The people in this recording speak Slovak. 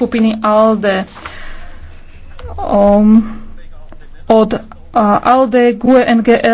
skupiny ALDE. Um, od uh, ALDE, GUE, NGL,